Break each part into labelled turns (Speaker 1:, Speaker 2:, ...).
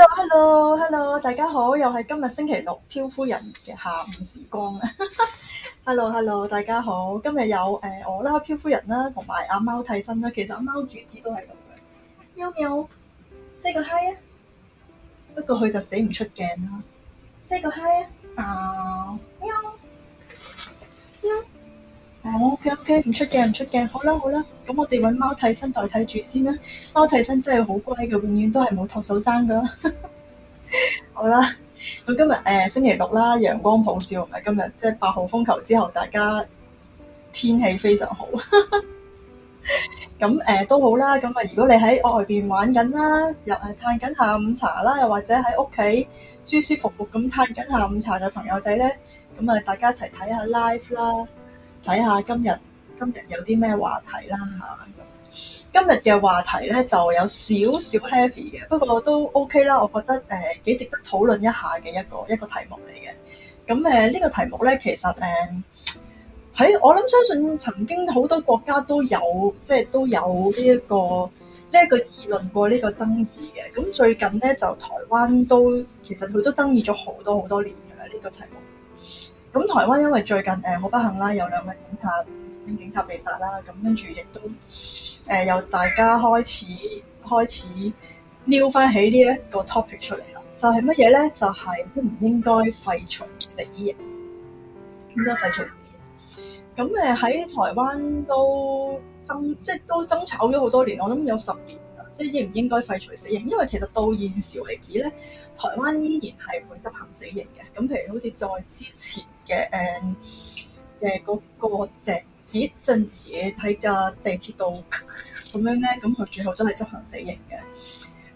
Speaker 1: Hello，Hello，Hello，hello, hello, 大家好，又係今日星期六漂夫人嘅下午時光啊 ！Hello，Hello，大家好，今日有誒、呃、我啦，漂夫人啦，同埋阿貓替身啦，其實阿貓主子都係度嘅，喵喵，即係個 hi 啊，不過佢就死唔出鏡啦，即係個 hi 啊，啊喵。OK，OK 唔出鏡唔出鏡，好啦好啦。咁我哋搵貓替身代替住先啦。貓替身真係好乖嘅，永遠都係冇托手踭噶。 好啦，咁今日誒、呃、星期六啦，陽光普照，同埋今日即係八號風球之後，大家天氣非常好。咁 誒、呃、都好啦。咁啊，如果你喺外邊玩緊啦，又係嘆緊下午茶啦，又或者喺屋企舒舒服服咁嘆緊下午茶嘅朋友仔咧，咁啊，大家一齊睇下 live 啦。睇下今日今日有啲咩話題啦，嚇，今日嘅話題咧就有少少 heavy 嘅，不過都 OK 啦，我覺得誒幾、呃、值得討論一下嘅一個一個題目嚟嘅。咁誒呢個題目咧，其實誒喺、呃、我諗相信曾經好多國家都有即係都有呢、這、一個呢一、這個議論過呢個爭議嘅。咁、嗯、最近咧就台灣都其實佢都爭議咗好多好多年嘅啦呢個題目。咁台灣因為最近誒好、呃、不幸啦，有兩名警察，警察被殺啦，咁跟住亦都誒由、呃、大家開始開始撩翻起呢一個 topic 出嚟啦，就係乜嘢咧？就係應唔應該廢除死刑？應該廢除死刑。咁誒喺台灣都爭，即係都爭吵咗好多年，我諗有十年啦，即係應唔應該廢除死刑？因為其實到現時為止咧，台灣依然係會執行死刑嘅。咁譬如好似在之前。嘅誒嘅個個隻子自己喺架地鐵度咁樣咧，咁佢最後真係執行死刑嘅。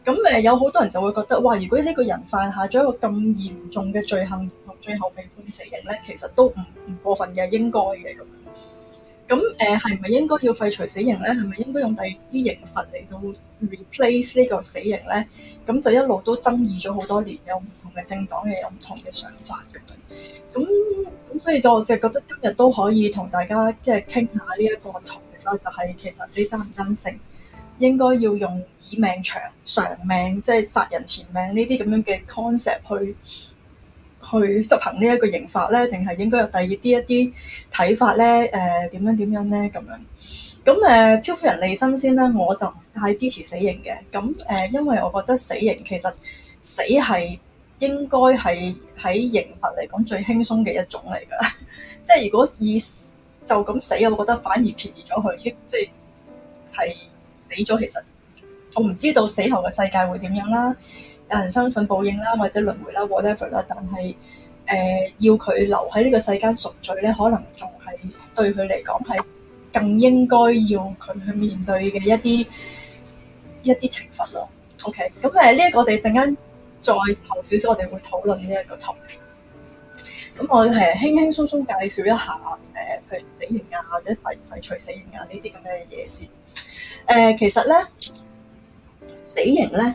Speaker 1: 咁誒有好多人就會覺得，哇！如果呢個人犯下咗一個咁嚴重嘅罪行，最後被判死刑咧，其實都唔唔過分嘅，應該嘅咁。咁誒係唔係應該要廢除死刑咧？係咪應該用第二啲刑罰嚟到 replace 呢個死刑咧？咁就一路都爭議咗好多年，有唔同嘅政黨嘅有唔同嘅想法咁樣。咁咁所以我就覺得今日都可以同大家即係傾下呢一個題啦，就係、是、其實你真唔真誠應該要用以命償償命，即、就、係、是、殺人填命呢啲咁樣嘅 concept 去。去執行呢一個刑罰咧，定係應該有第二啲一啲睇法咧？誒、呃、點樣點樣咧？咁樣咁誒，漂夫、呃、人利申先啦，我就唔太支持死刑嘅。咁誒、呃，因為我覺得死刑其實死係應該係喺刑罰嚟講最輕鬆嘅一種嚟㗎。 即係如果以就咁死啊，我覺得反而便宜咗佢，即係係死咗。其實我唔知道死後嘅世界會點樣啦。有人相信報應啦，或者輪迴啦，whatever 啦。但係誒、呃，要佢留喺呢個世間贖罪咧，可能仲係對佢嚟講係更應該要佢去面對嘅一啲一啲懲罰咯。OK，咁誒呢一個我哋陣間再後少少，我哋會討論呢一個 topic。咁我誒輕輕鬆鬆介紹一下誒、呃，譬如死刑啊，或者廢廢除死刑啊呢啲咁嘅嘢先。誒、呃，其實咧，死刑咧。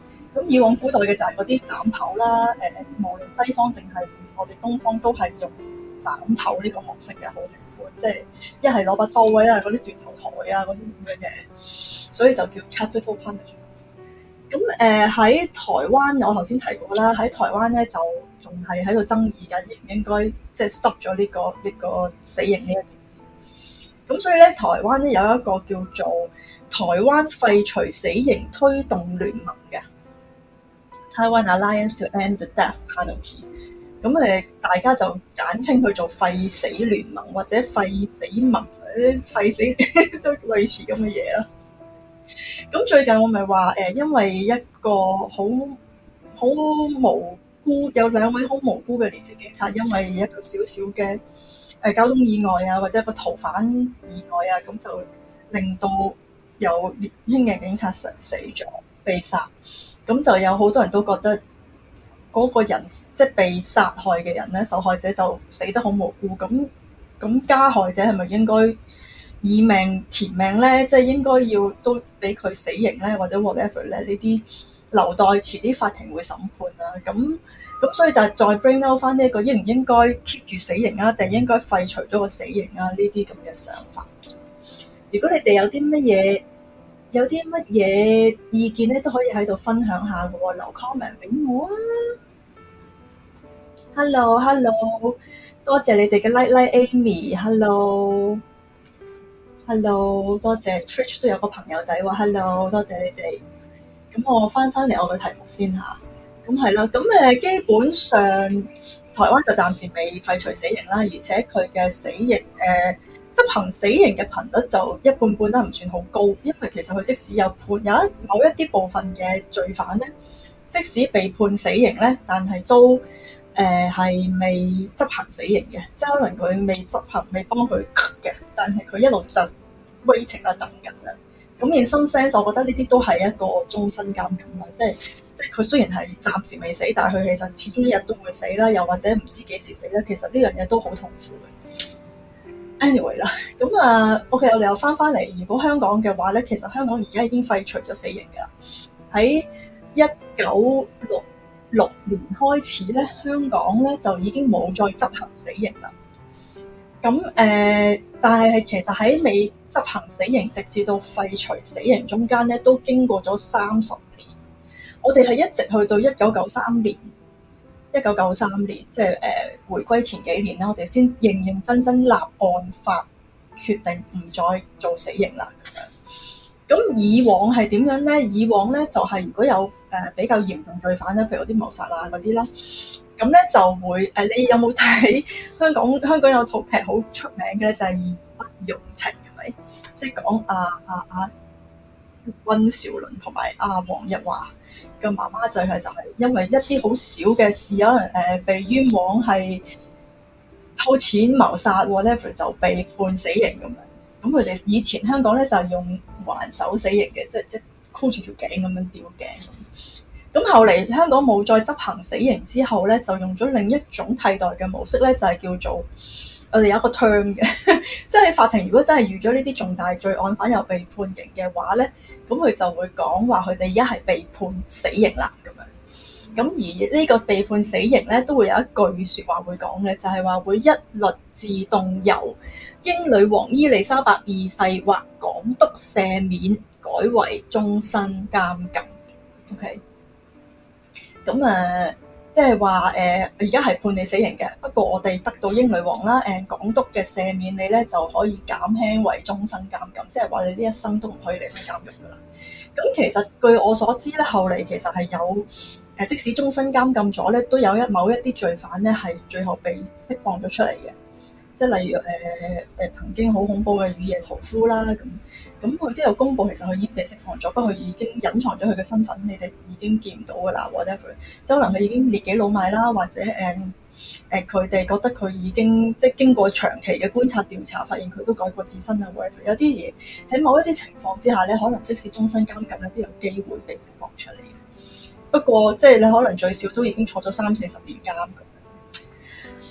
Speaker 1: 咁以往古代嘅就係嗰啲斬頭啦。誒、呃，無論西方定係我哋東方，都係用斬頭呢個模式嘅好傳統。即係一係攞把刀啊，嗰啲斷頭台啊，嗰啲咁樣嘅，所以就叫 capital punishment。咁誒喺台灣，我頭先提過啦。喺台灣咧，就仲係喺度爭議緊，應唔應該即係 stop 咗呢個呢、呢個死刑呢一件事。咁所以咧，台灣咧有一個叫做台灣廢除死刑推動聯盟嘅。Taiwan Alliance to End the Death Penalty，咁誒大家就簡稱佢做廢死聯盟或者廢死盟，廢死都 類似咁嘅嘢咯。咁最近我咪話誒，因為一個好好無辜，有兩位好無辜嘅年輕警察，因為一個少少嘅誒交通意外啊，或者一個逃犯意外啊，咁就令到有英嘅警察死死咗，被殺。咁就有好多人都覺得嗰個人即係、就是、被殺害嘅人咧，受害者就死得好無辜。咁咁加害者係咪應該以命填命咧？即、就、係、是、應該要都俾佢死刑咧，或者 whatever 咧呢啲留待遲啲法庭會審判啊。咁咁所以就係再 bring out 翻呢個應唔應該 keep 住死刑啊，定應該廢除咗個死刑啊呢啲咁嘅想法。如果你哋有啲乜嘢？有啲乜嘢意見咧，都可以喺度分享下嘅喎，留 comment 俾我啊！Hello，Hello，hello，多謝你哋嘅 Like Like Amy，Hello，Hello，多謝 Trish 都有個朋友仔喎，Hello，多謝你哋。咁我翻翻嚟我嘅題目先吓。咁係啦，咁誒基本上台灣就暫時未廢除死刑啦，而且佢嘅死刑誒。呃執行死刑嘅頻率就一半半啦，唔算好高，因為其實佢即使有判有一某一啲部分嘅罪犯咧，即使被判死刑咧，但係都誒係、呃、未執行死刑嘅，即係可能佢未執行，未幫佢嘅，但係佢一路就 waiting 啦等緊啦。咁 in some sense，我覺得呢啲都係一個終身監禁啦，即係即係佢雖然係暫時未死，但係佢其實始終一日都會死啦，又或者唔知幾時死啦。其實呢樣嘢都好痛苦嘅。Anyway 啦，咁啊，OK，我哋又翻翻嚟。如果香港嘅話咧，其實香港而家已經廢除咗死刑噶啦。喺一九六六年開始咧，香港咧就已經冇再執行死刑啦。咁誒，但係係、呃、其實喺未執行死刑，直至到廢除死刑中間咧，都經過咗三十年。我哋係一直去到一九九三年。一九九三年，即係誒、呃、回歸前幾年啦，我哋先認認真真立案法，決定唔再做死刑啦。咁樣。咁以往係點樣咧？以往咧就係、是、如果有誒、呃、比較嚴重罪犯咧，譬如啲謀殺啊嗰啲啦，咁咧就會誒。你有冇睇香港香港有套劇好出名嘅咧？就係、是、義不容情，係咪？即係講啊啊啊！啊啊溫兆倫同埋阿黃日華嘅媽媽就係就係因為一啲好少嘅事，可能誒被冤枉係偷錢謀殺，或者佢就被判死刑咁樣。咁佢哋以前香港咧就係用環首死刑嘅，即係即係箍住條頸咁樣吊頸。咁後嚟香港冇再執行死刑之後咧，就用咗另一種替代嘅模式咧，就係叫做。我哋有個 term 嘅，即 係法庭如果真係遇咗呢啲重大罪案，反而被判刑嘅話咧，咁佢就會講話佢哋一係被判死刑啦咁樣。咁而呢個被判死刑咧，都會有一句説話會講嘅，就係話會一律自動由英女王伊麗莎白二世或港督赦免，改為終身監禁。OK，咁啊。Uh, 即係話誒，而家係判你死刑嘅。不過我哋得到英女王啦，誒港督嘅赦免，你咧就可以減輕為終身監禁，即係話你呢一生都唔可以離開監獄㗎啦。咁其實據我所知咧，後嚟其實係有誒，即使終身監禁咗咧，都有一某一啲罪犯咧係最後被釋放咗出嚟嘅。即係例如誒誒、呃呃、曾經好恐怖嘅雨夜屠夫啦咁，咁佢都有公布其實佢已經被釋放咗，不過佢已經隱藏咗佢嘅身份，你哋已經見唔到㗎啦。Whatever，即係可能佢已經年紀老邁啦，或者誒誒佢哋覺得佢已經即係經過長期嘅觀察調查，發現佢都改過自身啊。Whatever，有啲嘢喺某一啲情況之下咧，可能即使終身監禁都有機會被釋放出嚟嘅。不過即係你可能最少都已經坐咗三四十年監。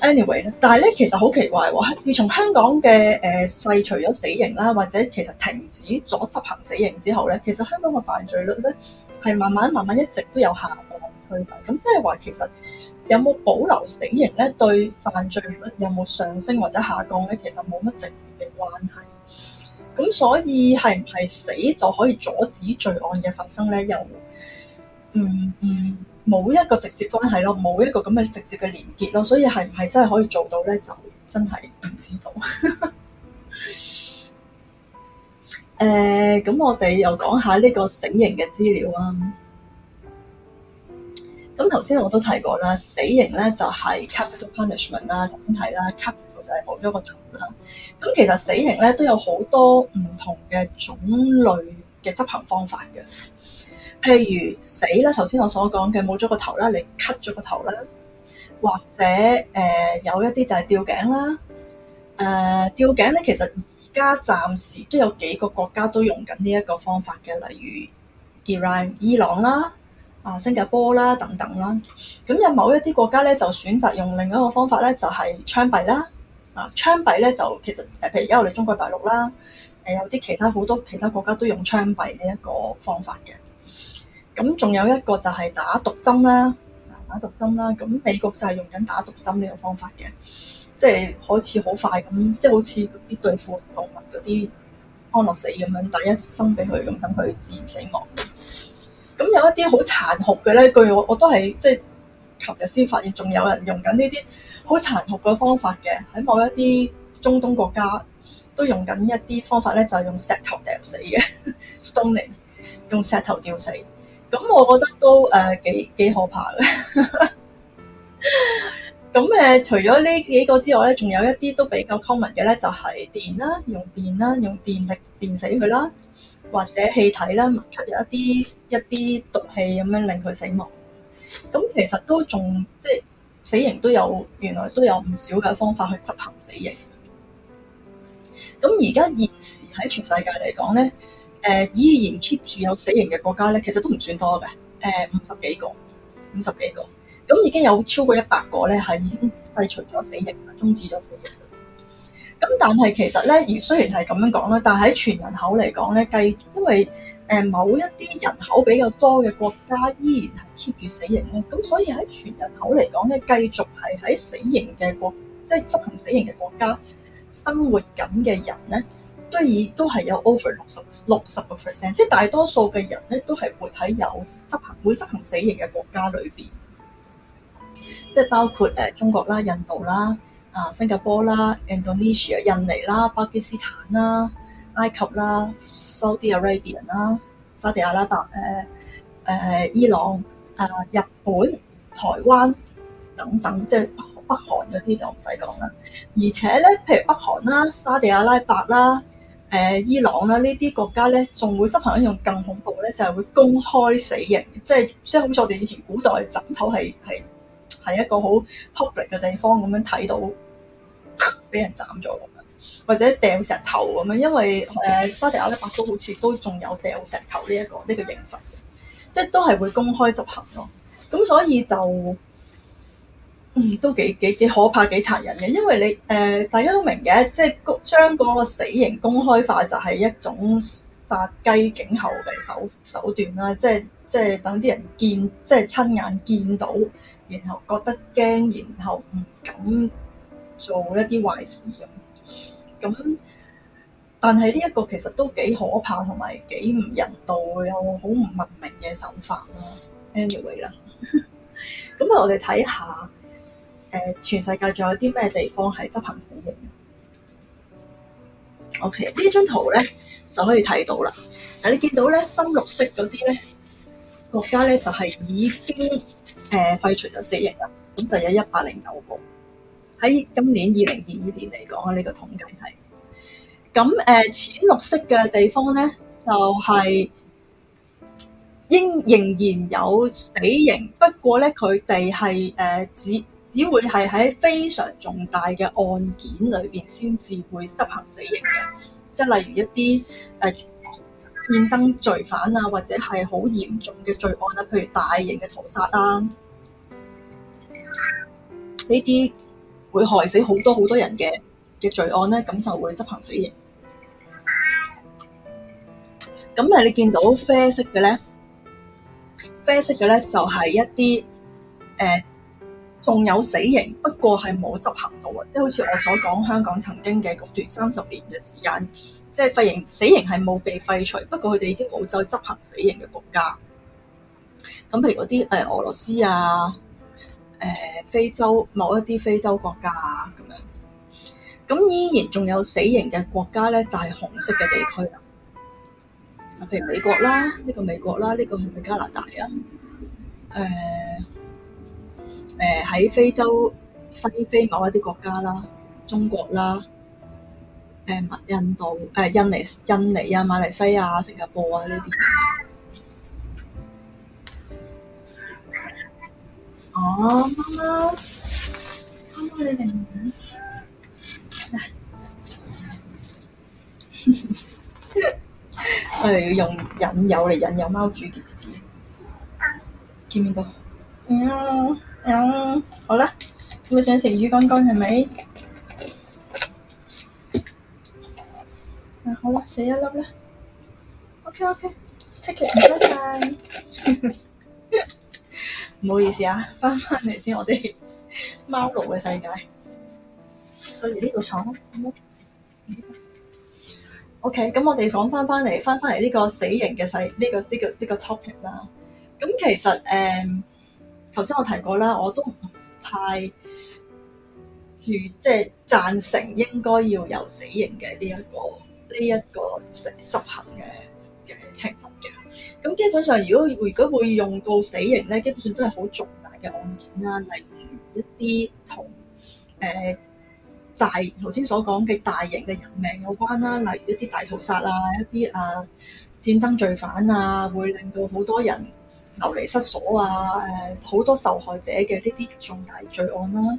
Speaker 1: Anyway 咧，但係咧其實好奇怪喎、哦，自從香港嘅誒廢除咗死刑啦，或者其實停止咗執行死刑之後咧，其實香港嘅犯罪率咧係慢慢慢慢一直都有下降趨勢，咁即係話其實有冇保留死刑咧，對犯罪率有冇上升或者下降咧，其實冇乜直接嘅關係。咁所以係唔係死就可以阻止罪案嘅發生咧？又嗯嗯。嗯冇一個直接關係咯，冇一個咁嘅直接嘅連結咯，所以係唔係真係可以做到咧？就真係唔知道。誒、 呃，咁我哋又講下呢個死刑嘅資料啦。咁頭先我都提過啦，死刑咧就係、是、capital punishment 啦，頭先睇啦，capital 就係冇咗個頭啦。咁其實死刑咧都有好多唔同嘅種類嘅執行方法嘅。譬如死啦，頭先我所講嘅冇咗個頭啦，你 cut 咗個頭啦，或者誒、呃、有一啲就係吊頸啦。誒、呃、吊頸咧，其實而家暫時都有幾個國家都用緊呢一個方法嘅，例如伊朗、伊朗啦，啊新加坡啦等等啦。咁有某一啲國家咧就選擇用另一個方法咧，就係槍斃啦。啊槍斃咧就其實誒，譬如而家我哋中國大陸啦，誒、啊、有啲其他好多其他國家都用槍斃呢一個方法嘅。咁仲有一個就係打毒針啦，打毒針啦。咁美國就係用緊打毒針呢個方法嘅，即係好似好快咁，即係好似啲對付動物嗰啲安樂死咁樣，打一針俾佢咁，等佢自然死亡。咁有一啲好殘酷嘅咧，據我我都係即係琴日先發現，仲有人用緊呢啲好殘酷嘅方法嘅，喺某一啲中東國家都用緊一啲方法咧，就係，用石頭掟死嘅，stoning，用石頭掉死。咁我覺得都誒、呃、幾幾可怕嘅。 咁、呃、誒除咗呢幾個之外咧，仲有一啲都比較 common 嘅咧，就係、是、電啦，用電啦，用電力電死佢啦，或者氣體啦，吸入一啲一啲毒氣咁樣令佢死亡。咁其實都仲即係死刑都有原來都有唔少嘅方法去執行死刑。咁而家現時喺全世界嚟講咧。誒、呃、依然 keep 住有死刑嘅國家咧，其實都唔算多嘅，誒、呃、五十幾個，五十幾個，咁已經有超過一百個咧，係已經廢除咗死刑，終止咗死刑。咁但係其實咧，而雖然係咁樣講啦，但係喺全人口嚟講咧，繼因為誒某一啲人口比較多嘅國家依然係 keep 住死刑咧，咁所以喺全人口嚟講咧，繼續係喺死刑嘅國，即、就、係、是、執行死刑嘅國家生活緊嘅人咧。都已都係有 over 六十六十個 percent，即係大多數嘅人咧都係活喺有執行會執行死刑嘅國家裏邊，即係包括誒中國啦、印度啦、啊新加坡啦、Indonesia 印尼啦、巴基斯坦啦、埃及啦、Saudi Arabian 啦、沙地阿拉伯誒誒、呃、伊朗啊、呃、日本、台灣等等，即係北韓嗰啲就唔使講啦。而且咧，譬如北韓啦、沙地阿拉伯啦。誒、呃、伊朗啦，呢啲國家咧，仲會執行一樣更恐怖咧，就係、是、會公開死刑，即係即係好似我哋以前古代斬頭係係係一個好 public 嘅地方咁樣睇到，俾、呃、人斬咗咁樣，或者掟石頭咁樣，因為誒、呃、沙地阿拉伯都好似都仲有掟石頭呢、這、一個呢、這個刑罰，即係都係會公開執行咯，咁所以就。都幾幾幾可怕，幾殘忍嘅，因為你誒、呃，大家都明嘅，即係將個死刑公開化就係一種殺雞儆猴嘅手手段啦，即係即係等啲人見，即係親眼見到，然後覺得驚，然後唔敢做一啲壞事咁。咁但係呢一個其實都幾可怕，同埋幾唔人道，又好唔文明嘅手法啦。Anyway 啦，咁啊，我哋睇下。誒，全世界仲有啲咩地方係執行死刑嘅？O K，呢張圖咧就可以睇到啦。嗱，你見到咧深綠色嗰啲咧國家咧就係、是、已經誒、呃、廢除咗死刑啦。咁就有一百零九個喺今年二零二二年嚟講啊。呢、這個統計係咁誒，淺綠色嘅地方咧就係、是、應仍然有死刑，不過咧佢哋係誒指。只會係喺非常重大嘅案件裏邊先至會執行死刑嘅，即係例如一啲誒戰爭罪犯啊，或者係好嚴重嘅罪案啊，譬如大型嘅屠殺啊，呢啲會害死好多好多人嘅嘅罪案咧，咁就會執行死刑。咁誒，你見到啡色嘅咧，啡色嘅咧就係、是、一啲誒。呃仲有死刑，不過係冇執行到啊！即、就、係、是、好似我所講，香港曾經嘅嗰段三十年嘅時間，即係廢刑、死刑係冇被廢除，不過佢哋已經冇再執行死刑嘅國家。咁譬如嗰啲誒俄羅斯啊、誒、呃、非洲某一啲非洲國家啊咁樣。咁依然仲有死刑嘅國家咧，就係、是、紅色嘅地區啊！譬如美國啦，呢、這個美國啦，呢、這個係咪加拿大啊？誒、呃。誒喺、呃、非洲西非某一啲國家啦，中國啦，誒、呃、印度誒、呃、印尼、印尼啊、馬來西亞、新加坡啊呢啲。哦，貓貓，貓貓嚟嚟嚟，嗱，我哋要用「引誘」嚟「引誘」貓主件事，見唔見到？嗯。嗯，um, 好啦，咁你想食魚乾乾係咪？是是 uh, 好啦，食一粒啦，OK OK，take okay, it，唔該晒，唔 好意思啊，翻翻嚟先，我哋貓奴嘅世界，去完呢個床，好冇，OK，咁我哋講翻翻嚟，翻翻嚟呢個死刑嘅世，呢、呢個呢、呢個呢、呢個 topic 啦，咁其實誒。Um, 頭先我提過啦，我都唔太，如即係贊成應該要有死刑嘅呢一個呢一個執執行嘅嘅情況嘅。咁基本上，如果如果會用到死刑咧，基本上都係好重大嘅案件啦，例如一啲同誒大頭先所講嘅大型嘅人命有關啦，例如一啲大屠殺啊，一啲啊戰爭罪犯啊，會令到好多人流離失所啊！誒、呃，好多受害者嘅呢啲重大罪案啦。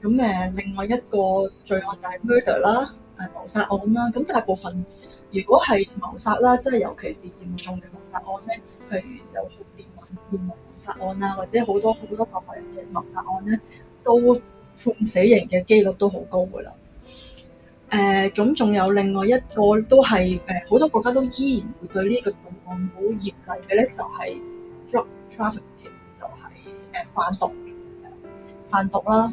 Speaker 1: 咁誒、呃，另外一個罪案就係 murder 啦，誒、呃、謀殺案啦。咁大部分如果係謀殺啦，即係尤其係嚴重嘅謀殺案咧，譬如有兇年犯、兇暴謀殺案啊，或者好多好多受害人嘅謀殺案咧，都判死刑嘅機率都好高噶啦。誒、呃，咁仲有另外一個都係誒，好、呃、多國家都依然會對呢一個罪案好嚴厲嘅咧，就係、是。就係誒販毒，販毒啦，誒、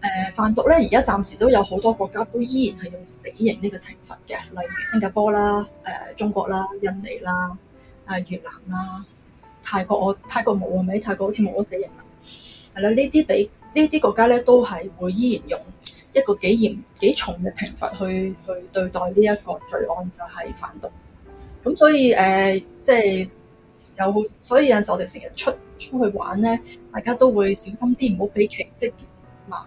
Speaker 1: 呃、販毒咧，而家暫時都有好多國家都依然係用死刑呢個懲罰嘅，例如新加坡啦、誒、呃、中國啦、印尼啦、誒、呃、越南啦、泰國我泰國冇啊，係咪泰國好似冇咗死刑啦？係啦，呢啲比呢啲國家咧都係會依然用一個幾嚴幾重嘅懲罰去去對，對，對待呢一個罪案，就係、是、販毒。咁所以誒、呃、即係。有，所以有陣時我哋成日出出去玩咧，大家都會小心啲，唔好俾其即係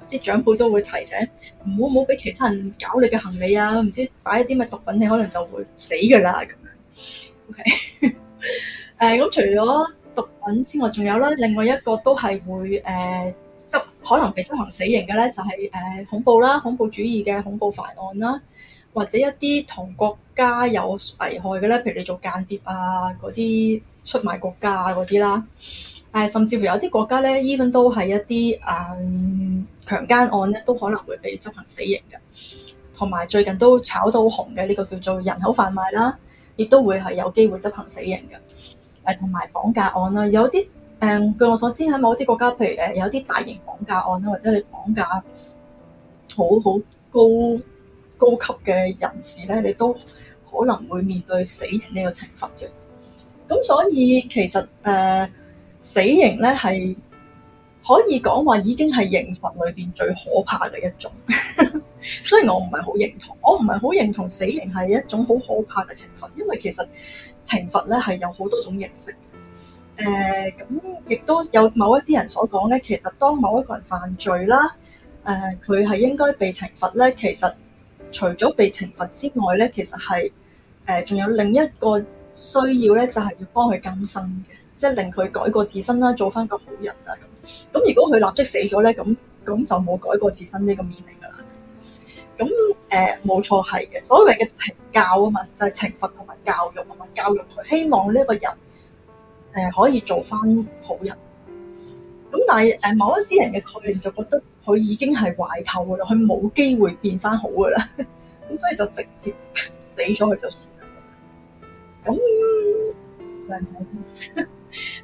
Speaker 1: 即啲長輩都會提醒唔好唔好俾其他人搞你嘅行李啊。唔知擺一啲咩毒品，你可能就會死㗎啦咁樣。O K，誒咁除咗毒品之外，仲有啦，另外一個都係會誒、呃、執可能被執行死刑嘅咧，就係、是、誒、呃、恐怖啦、恐怖主義嘅恐怖犯案啦，或者一啲同國家有危害嘅咧，譬如你做間諜啊嗰啲。出賣國家嗰啲啦，誒、呃、甚至乎有啲國家咧，even 都係一啲誒、呃、強姦案咧，都可能會被執行死刑嘅。同埋最近都炒到紅嘅呢、這個叫做人口販賣啦，亦都會係有機會執行死刑嘅。誒同埋綁架案啦，有啲誒、呃、據我所知喺某啲國家，譬如誒有啲大型綁架案啦，或者你綁架好好高高級嘅人士咧，你都可能會面對死刑呢個懲罰嘅。咁所以其實誒、呃、死刑咧係可以講話已經係刑罰裏邊最可怕嘅一種， 雖然我唔係好認同，我唔係好認同死刑係一種好可怕嘅懲罰，因為其實懲罰咧係有好多種形式。誒咁亦都有某一啲人所講咧，其實當某一個人犯罪啦，誒佢係應該被懲罰咧，其實除咗被懲罰之外咧，其實係誒仲有另一個。需要咧就係要幫佢更生嘅，即、就、係、是、令佢改過自身啦，做翻個好人啊咁。咁如果佢立即死咗咧，咁咁就冇改過自身呢個 meaning 噶啦。咁誒冇錯係嘅，所謂嘅懲教啊嘛，就係懲罰同埋教育啊嘛，教育佢希望呢一個人誒、呃，可以做翻好人。咁但係誒、呃，某一啲人嘅概念就覺得佢已經係壞透噶啦，佢冇機會變翻好噶啦，咁 所以就直接死咗佢就。咁靚仔，誒、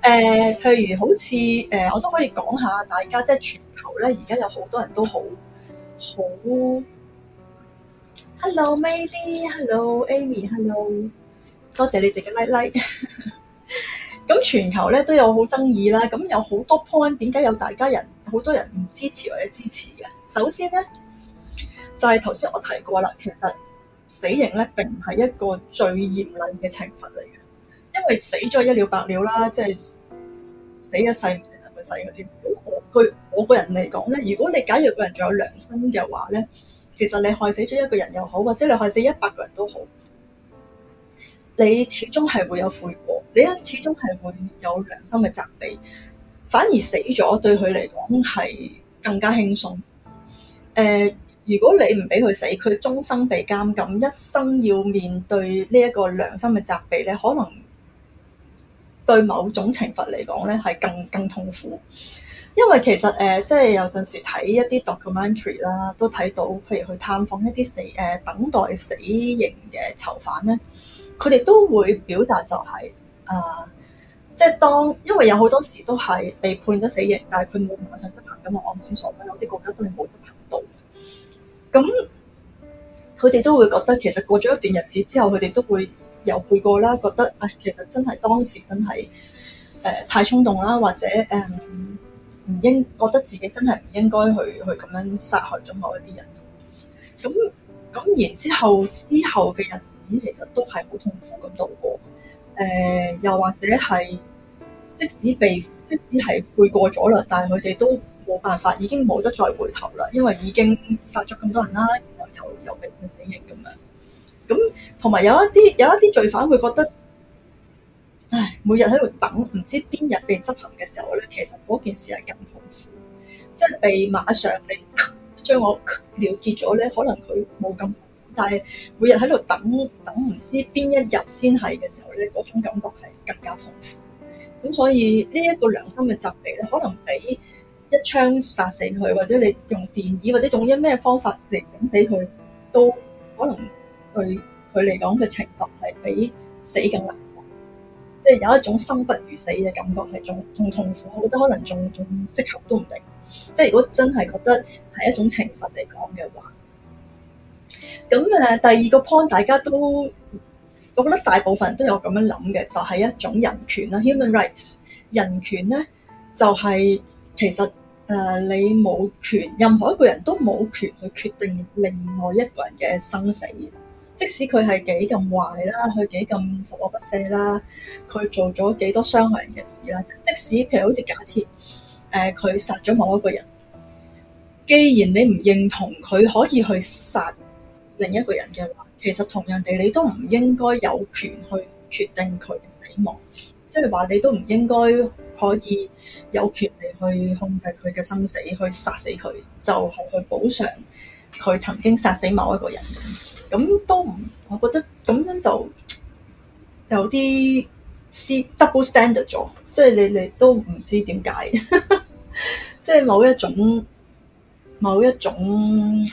Speaker 1: 嗯，譬、 呃、如好似誒、呃，我都可以講下，大家即係全球咧，而家有好多人都好，好 ，Hello，Mandy，Hello，Amy，Hello，Hello, 多謝你哋嘅 like，咁、like、 全球咧都有好爭議啦，咁有好多 point，點解有大家人好多人唔支持或者支持嘅？首先咧，就係頭先我提過啦，其實。死刑咧並唔係一個最嚴厲嘅懲罰嚟嘅，因為死咗一了百了啦，即係死一世唔死一世，佢哋。如果我佢我個人嚟講咧，如果你假如個人仲有良心嘅話咧，其實你害死咗一個人又好，或者你害死一百個人都好，你始終係會有悔過，你始終係會有良心嘅責備。反而死咗對佢嚟講係更加輕鬆。誒、呃。如果你唔俾佢死，佢終生被監禁，一生要面對呢一個良心嘅責備咧，可能對某種懲罰嚟講咧係更更痛苦。因為其實誒，即、呃、係、就是、有陣時睇一啲 documentary 啦，都睇到，譬如去探訪一啲死誒、呃、等待死刑嘅囚犯咧，佢哋都會表達就係、是、啊，即、呃、係、就是、當因為有好多時都係被判咗死刑，但係佢冇馬上執行噶嘛。我唔知所謂有啲國家都係冇執行到。咁佢哋都會覺得，其實過咗一段日子之後，佢哋都會有悔過啦。覺得啊，其實真係當時真係誒、呃、太衝動啦，或者誒唔、呃、應覺得自己真係唔應該去去咁樣殺害咗某一啲人。咁、嗯、咁、嗯、然之後之後嘅日子，其實都係好痛苦咁度過。誒、呃，又或者係即使被即使係悔過咗啦，但係佢哋都。冇辦法，已經冇得再回頭啦，因為已經殺咗咁多人啦，然後又又被判死刑咁樣。咁同埋有一啲有一啲罪犯會覺得，唉，每日喺度等唔知邊日被執行嘅時候咧，其實嗰件事係咁痛苦，即係被馬上你將我了結咗咧，可能佢冇咁痛苦，但係每日喺度等等唔知邊一日先係嘅時候咧，嗰種感覺係更加痛苦。咁所以呢一個良心嘅責備咧，可能比一槍殺死佢，或者你用電椅或者用一咩方法嚟整死佢，都可能佢佢嚟講嘅懲罰係比死更難受，即係有一種生不如死嘅感覺係仲仲痛苦。我覺得可能仲仲適合都唔定。即係如果真係覺得係一種懲罰嚟講嘅話，咁誒第二個 point 大家都，我覺得大部分都有咁樣諗嘅，就係、是、一種人權啦，human rights。人權咧就係、是。其實，誒你冇權，任何一個人都冇權去決定另外一個人嘅生死，即使佢係幾咁壞啦，佢幾咁十惡不赦啦，佢做咗幾多傷害人嘅事啦。即使譬如好似假設，誒佢殺咗某一個人，既然你唔認同佢可以去殺另一個人嘅話，其實同樣地你都唔應該有權去決定佢嘅死亡，即係話你都唔應該。可以有權力去控制佢嘅生死，去殺死佢，就係、去補償佢曾經殺死某一個人。咁、嗯、都唔，我覺得咁樣就有啲 double standard 咗，即係你哋都唔知點解， 即係某一種某一種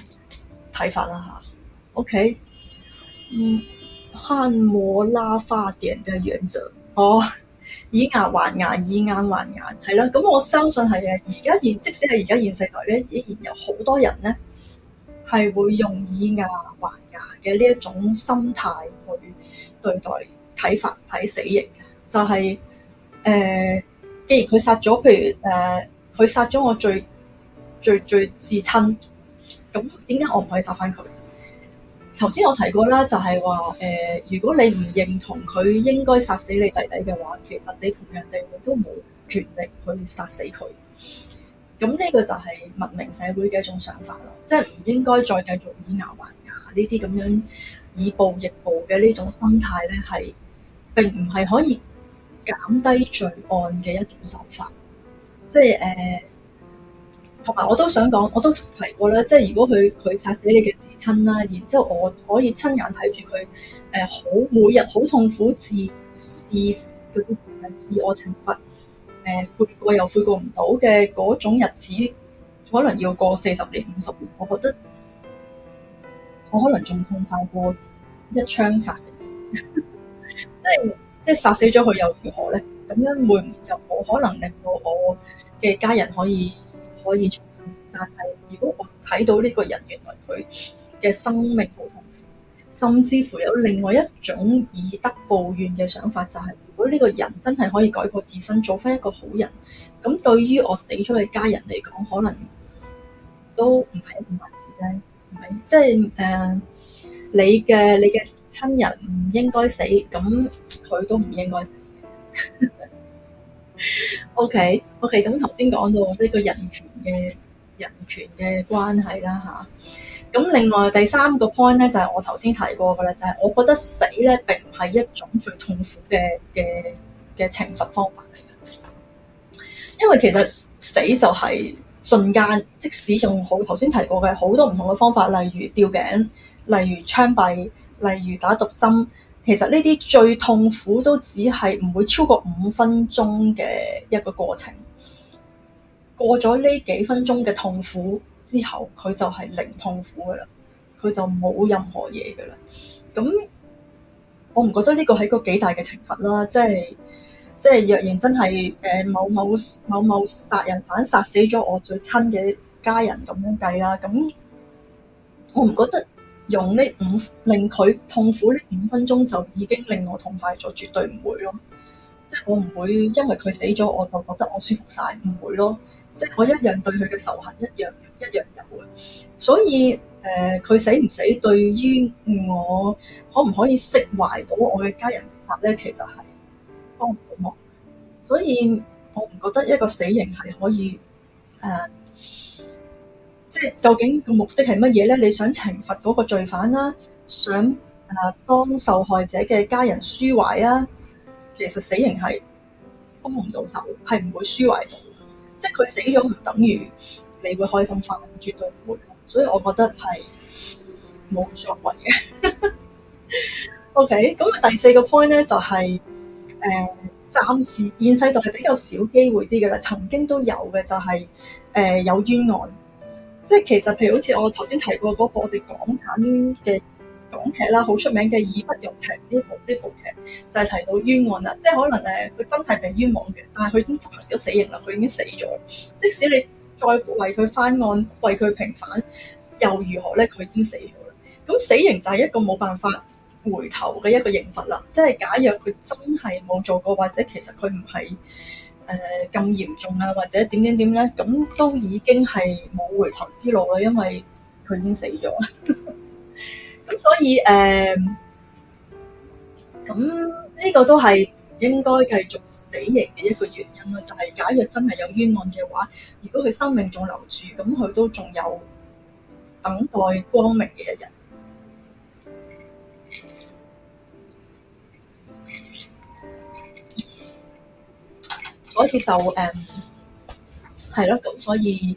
Speaker 1: 睇法啦吓 OK，嗯，漢摩拉法典嘅原則哦。以牙還牙，以眼還眼，係啦，咁我相信係啊。而家現即使係而家現世代咧，依然有好多人咧係會用以牙還牙嘅呢一種心態去對待睇法睇死刑嘅，就係、是、誒、呃，既然佢殺咗，譬如誒佢殺咗我最最最至親，咁點解我唔可以殺翻佢？頭先我提過啦，就係話誒，如果你唔認同佢應該殺死你的弟弟嘅話，其實你同人哋都冇權力去殺死佢。咁、嗯、呢、呢個就係文明社會嘅一種想法咯，即係唔應該再繼續以牙還牙呢啲咁樣以暴易暴嘅呢種心態咧，係並唔係可以減低罪案嘅一種手法。即係誒。呃同埋我都想講，我都提過咧，即係如果佢佢殺死你嘅至親啦，然之後我可以親眼睇住佢誒好每日好痛苦自、自嗰啲自我懲罰誒、呃、悔過又悔過唔到嘅嗰種日子，可能要過四十年五十年，我覺得我可能仲痛快過一槍殺死你、 就是，即係即係殺死咗佢又如何咧？咁樣會又冇可能令到我嘅家人可以。可以重生，但係如果我睇到呢個人原來佢嘅生命好痛苦，甚至乎有另外一種以德報怨嘅想法，就係如果呢個人真係可以改過自身，做翻一個好人，咁對於我死咗嘅家人嚟講，可能都唔係一件壞事啫，係咪？即係誒，你嘅你嘅親人唔應該死，咁佢都唔應該死。O K O K，咁頭先講到呢個人。嘅人權嘅關係啦吓，咁另外第三個 point 咧，就係我頭先提過嘅啦，就係我覺得死咧，並唔係一種最痛苦嘅嘅嘅懲罰方法嚟嘅，因為其實死就係瞬間，即使用好頭先提過嘅好多唔同嘅方法，例如吊頸，例如槍斃，例如打毒針，其實呢啲最痛苦都只係唔會超過五分鐘嘅一個過程。過咗呢幾分鐘嘅痛苦之後，佢就係零痛苦噶啦，佢就冇任何嘢噶啦。咁我唔覺得呢個係個幾大嘅懲罰啦，即係即係若然真係誒某某某某殺人犯殺死咗我最親嘅家人咁樣計啦，咁我唔覺得用呢五令佢痛苦呢五分鐘就已經令我痛快咗，絕對唔會咯。即係我唔會因為佢死咗，我就覺得我舒服晒，唔會咯。即係我一樣對佢嘅仇恨一樣一樣有啊，所以誒佢、呃、死唔死對於我可唔可以釋懷到我嘅家人集咧，其實係幫唔到忙，所以我唔覺得一個死刑係可以誒、呃，即係究竟個目的係乜嘢咧？你想懲罰嗰個罪犯啦、啊，想啊、呃、當受害者嘅家人舒懷啊，其實死刑係幫唔到手，係唔會舒懷到。即係佢死咗唔等於你會開心翻，絕對唔會。所以我覺得係冇作為嘅。 OK，咁第四個 point 咧就係誒暫時現世就係比較少機會啲嘅啦，曾經都有嘅就係、是、誒、呃、有冤案，即係其實譬如好似我頭先提過嗰部我哋港產嘅。港劇啦，好出名嘅《義不容情》呢部呢部劇就係提到冤案啦，即係可能誒佢真係被冤枉嘅，但係佢已經執行咗死刑啦，佢已經死咗。即使你再為佢翻案、為佢平反，又如何咧？佢已經死咗啦。咁死刑就係一個冇辦法回頭嘅一個刑罰啦。即係假若佢真係冇做過，或者其實佢唔係誒咁嚴重啊，或者點點點咧，咁都已經係冇回頭之路啦，因為佢已經死咗。 咁所以誒，咁呢個都係應該繼續死刑嘅一個原因啦。就係假若真係有冤案嘅話，如果佢生命仲留住，咁佢都仲有等待光明嘅一日。所以就誒，係咯，咁所以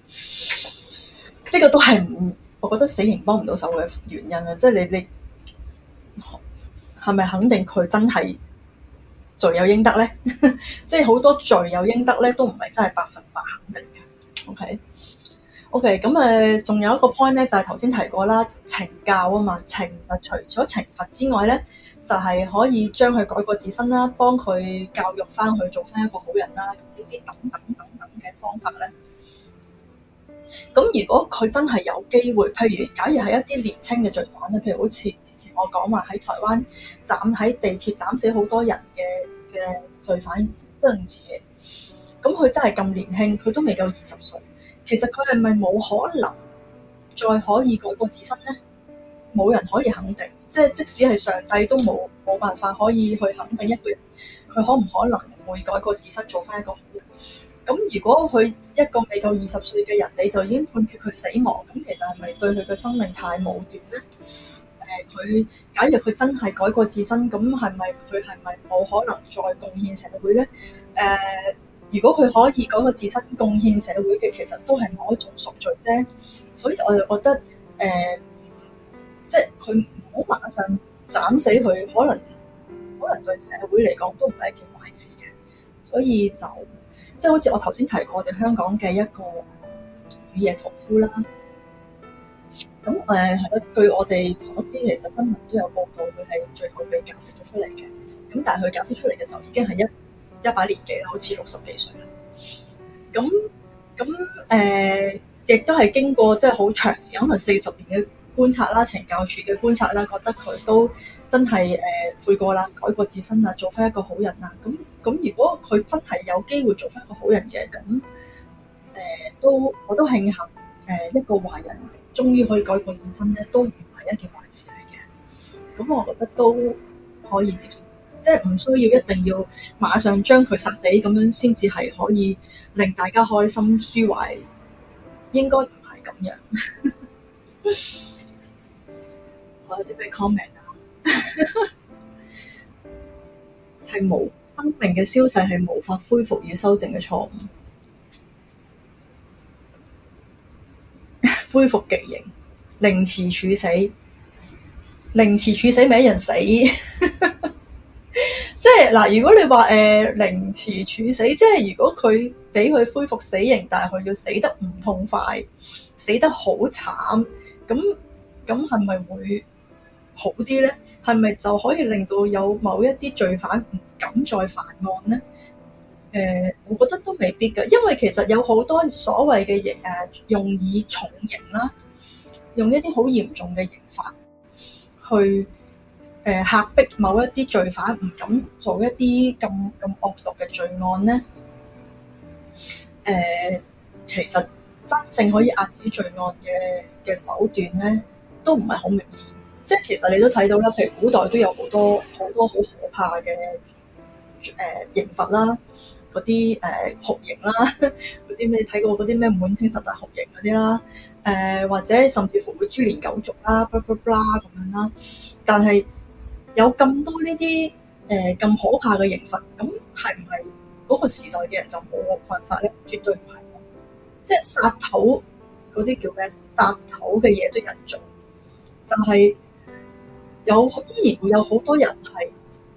Speaker 1: 呢個都係唔。我覺得死刑幫唔到手嘅原因啊，即係你你係咪肯定佢真係罪有應得咧？ 即係好多罪有應得咧，都唔係真係百分百肯定嘅。OK OK，咁誒，仲有一個 point 咧，就係頭先提過啦，懲教啊嘛，懲罰除咗懲罰之外咧，就係、是、可以將佢改過自身啦，幫佢教育翻佢做翻一個好人啦，呢啲等等等等嘅方法咧。咁如果佢真係有機會，譬如假如係一啲年輕嘅罪犯咧，譬如好似之前我講話喺台灣斬喺地鐵斬死好多人嘅嘅罪犯鄭捷嘅，咁佢真係咁年輕，佢都未夠二十歲，其實佢係咪冇可能再可以改過自身咧？冇人可以肯定，即係即使係上帝都冇冇辦法可以去肯定一個人，佢可唔可能會改過自身，做翻一個好人？咁如果佢一個未夠二十歲嘅人，你就已經判決佢死亡，咁其實係咪對佢嘅生命太武斷咧？誒、呃，佢假若佢真係改過自身，咁係咪佢係咪冇可能再貢獻社會咧？誒、呃，如果佢可以改過自身貢獻社會嘅，其實都係某一種贖罪啫。所以我就覺得誒，即係佢唔好馬上斬死佢，可能可能對社會嚟講都唔係一件壞事嘅，所以就。即係好似我頭先提過，我哋香港嘅一個雨夜屠夫啦。咁誒係啦，據我哋所知，其實新聞都有報道，佢係最後被解釋咗出嚟嘅。咁但係佢解釋出嚟嘅時候，已經係一一把年紀啦，好似六十幾歲啦。咁咁誒，亦都係經過即係好長時間，可能四十年嘅觀察啦，懲教處嘅觀察啦，覺得佢都真係誒悔過啦，改過自身啦，做翻一個好人啦。咁咁如果佢真係有機會做翻個好人嘅，咁誒、呃、都我都慶幸誒、呃、一個壞人終於可以改過自身咧，都唔係一件壞事嚟嘅。咁我覺得都可以接受，即係唔需要一定要馬上將佢殺死咁樣先至係可以令大家開心舒懷，應該唔係咁樣。 我有啲咩 comment 啊，係 冇。生命嘅消逝係無法恢復與修正嘅錯誤， 恢復極刑、凌遲處死、凌遲處死咪一人死， 即係嗱。如果你話誒、呃、凌遲處死，即係如果佢俾佢恢復死刑，但係佢要死得唔痛快，死得好慘，咁咁係咪會？好啲咧，係咪就可以令到有某一啲罪犯唔敢再犯案咧？誒、呃，我覺得都未必嘅，因為其實有好多所謂嘅刑誒，用以重刑啦、啊，用一啲好嚴重嘅刑法去誒吓逼某一啲罪犯唔敢做一啲咁咁惡毒嘅罪案咧。誒、呃，其實真正可以壓止罪案嘅嘅手段咧，都唔係好明顯。即係其實你都睇到啦，譬如古代都有好多好多好可怕嘅誒、呃、刑罰啦，嗰啲誒酷刑啦，嗰 啲你睇過嗰啲咩滿清十大酷刑嗰啲啦，誒、呃、或者甚至乎會株連九族啦，巴拉巴拉咁樣啦。但係有咁多呢啲誒咁可怕嘅刑罰，咁係唔係嗰個時代嘅人就冇犯法咧？絕對唔係，即係殺頭嗰啲叫咩殺頭嘅嘢都人做，就係、是。有依然會有好多人係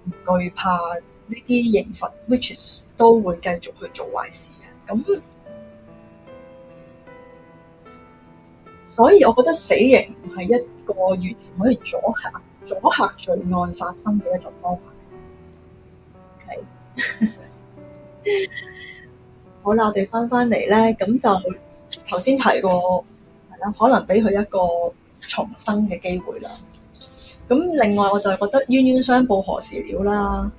Speaker 1: 唔懼怕呢啲刑罰 which 都會繼續去做壞事嘅。咁所以，我覺得死刑唔係一個完全可以阻嚇阻嚇罪案發生嘅一種方法。係、okay. 好啦，我哋翻翻嚟咧，咁就頭先提過係啦，可能俾佢一個重生嘅機會啦。咁另外我就覺得冤冤相報何時了啦，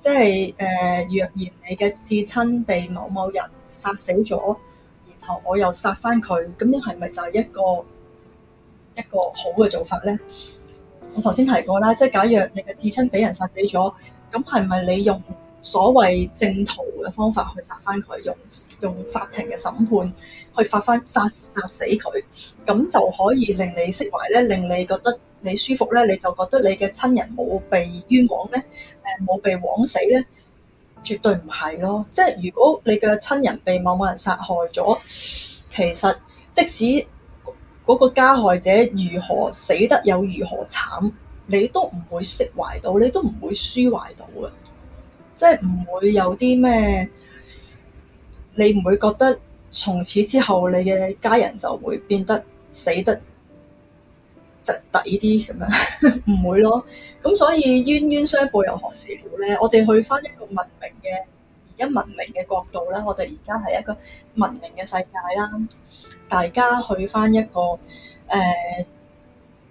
Speaker 1: 即係誒、呃、若然你嘅至親被某某人殺死咗，然後我又殺翻佢，咁樣係咪就係一個一個好嘅做法咧？我頭先提過啦，即係假若你嘅至親俾人殺死咗，咁係咪你用所謂正途嘅方法去殺翻佢，用用法庭嘅審判去發翻殺殺死佢，咁就可以令你釋懷咧，令你覺得？你舒服咧，你就覺得你嘅親人冇被冤枉咧，誒、冇被枉死咧，絕對唔係咯。即係如果你嘅親人被某某人殺害咗，其實即使嗰個加害者如何死得又如何慘，你都唔會釋懷到，你都唔會舒懷到嘅，即係唔會有啲咩，你唔會覺得從此之後你嘅家人就會變得死得。就抵啲咁樣，唔 會咯。咁所以冤冤相報，又何時了咧？我哋去翻一個文明嘅而家文明嘅角度咧，我哋而家係一個文明嘅世界啦。大家去翻一個誒、呃、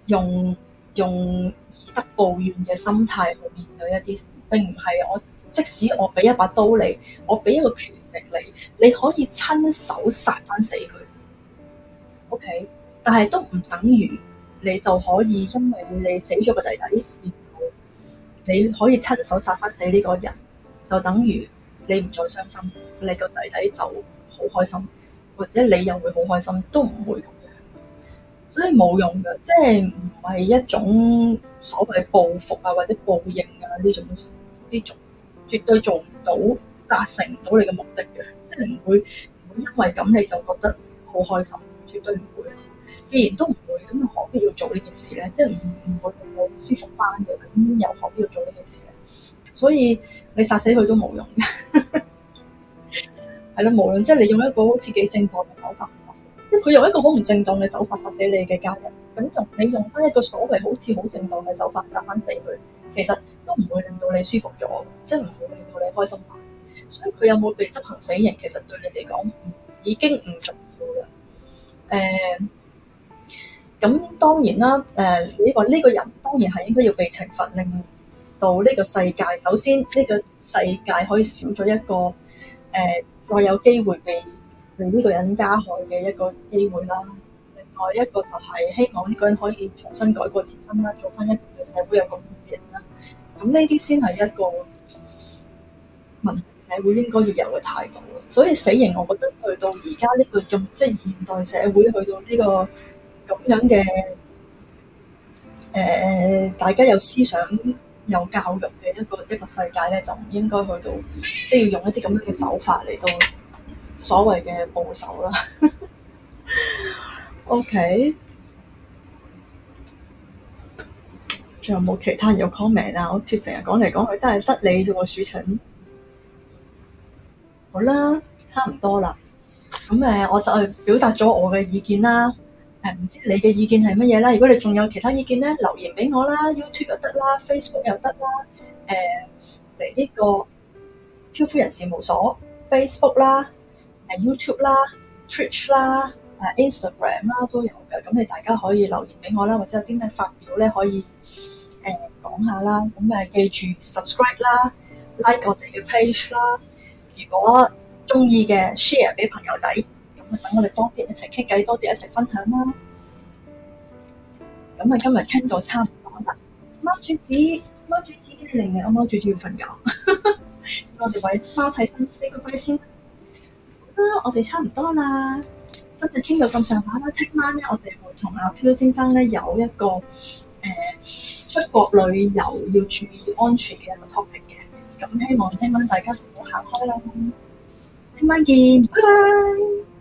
Speaker 1: 用用以德報怨嘅心態去面對一啲事，並唔係我即使我俾一把刀你，我俾一個權力你，你可以親手殺翻死佢。O.K.，但係都唔等於。你就可以，因為你死咗個弟弟，然後你可以親手殺翻死呢個人，就等於你唔再傷心，你個弟弟就好開心，或者你又會好開心，都唔會咁樣。所以冇用㗎，即係唔係一種所謂報復啊，或者報應啊呢種呢種，絕對做唔到，達成唔到你嘅目的嘅，即係你唔會，唔會因為咁你就覺得好開心，絕對唔會。既然都唔會，咁又何必要做呢件事咧？即係唔唔會令我舒服翻嘅，咁又何必要做呢件事咧？所以你殺死佢都冇用嘅，係啦，無論即係你用一個好似幾正當嘅手法，去殺死，即係佢用一個好唔正當嘅手法殺死你嘅家人，咁用你用翻一個所謂好似好正當嘅手法殺翻死佢，其實都唔會令到你舒服咗，即係唔會令到你開心。所以佢有冇被執行死刑，其實對你嚟講已經唔重要啦。誒、呃。咁當然啦，誒、呃，你話呢個人當然係應該要被懲罰，令到呢個世界首先呢個世界可以少咗一個誒，再、呃、有機會被被呢個人加害嘅一個機會啦。另外一個就係希望呢個人可以重新改過自身啦，做翻一個對社會有貢獻嘅人啦。咁呢啲先係一個文明社會應該要有嘅態度。所以死刑，我覺得去到而家呢個咁即係現代社會，去到呢、呢個。咁樣嘅誒、呃，大家有思想、有教育嘅一個一個世界咧，就唔應該去到，即、就、係、是、要用一啲咁樣嘅手法嚟到所謂嘅保守報仇啦。 OK，仲有冇其他人有 comment 啊、哦？好似成日講嚟講去，都係得你啫喎，鼠晴。好啦，差唔多啦。咁誒、呃，我就係表達咗我嘅意見啦。誒，唔知你嘅意見係乜嘢啦？如果你仲有其他意見咧，留言俾我啦，YouTube 又得啦，Facebook 又得啦，誒、嚟、呃、呢個漂夫人事務所 Facebook 啦，誒 YouTube 啦，Twitch 啦，誒 Instagram 啦都有嘅。咁你大家可以留言俾我啦，或者有啲咩發表咧可以誒、呃、講下啦。咁誒記住 subscribe 啦，like 我哋嘅 page 啦。如果中意嘅 share 俾朋友仔。等我哋多啲一齊傾偈，多啲一齊分享啦。咁啊，今日傾到差唔多啦。貓主子，貓主子你令你阿貓主子要瞓覺。 我哋為貓睇新四個龜先啊！我哋差唔多啦。今日傾到咁上下啦，聽晚咧，我哋會同阿飄先生咧有一個誒、呃、出國旅遊要注意安全嘅一個 topic 嘅。咁、嗯、希望聽晚大家唔好行開啦。聽晚見，拜拜。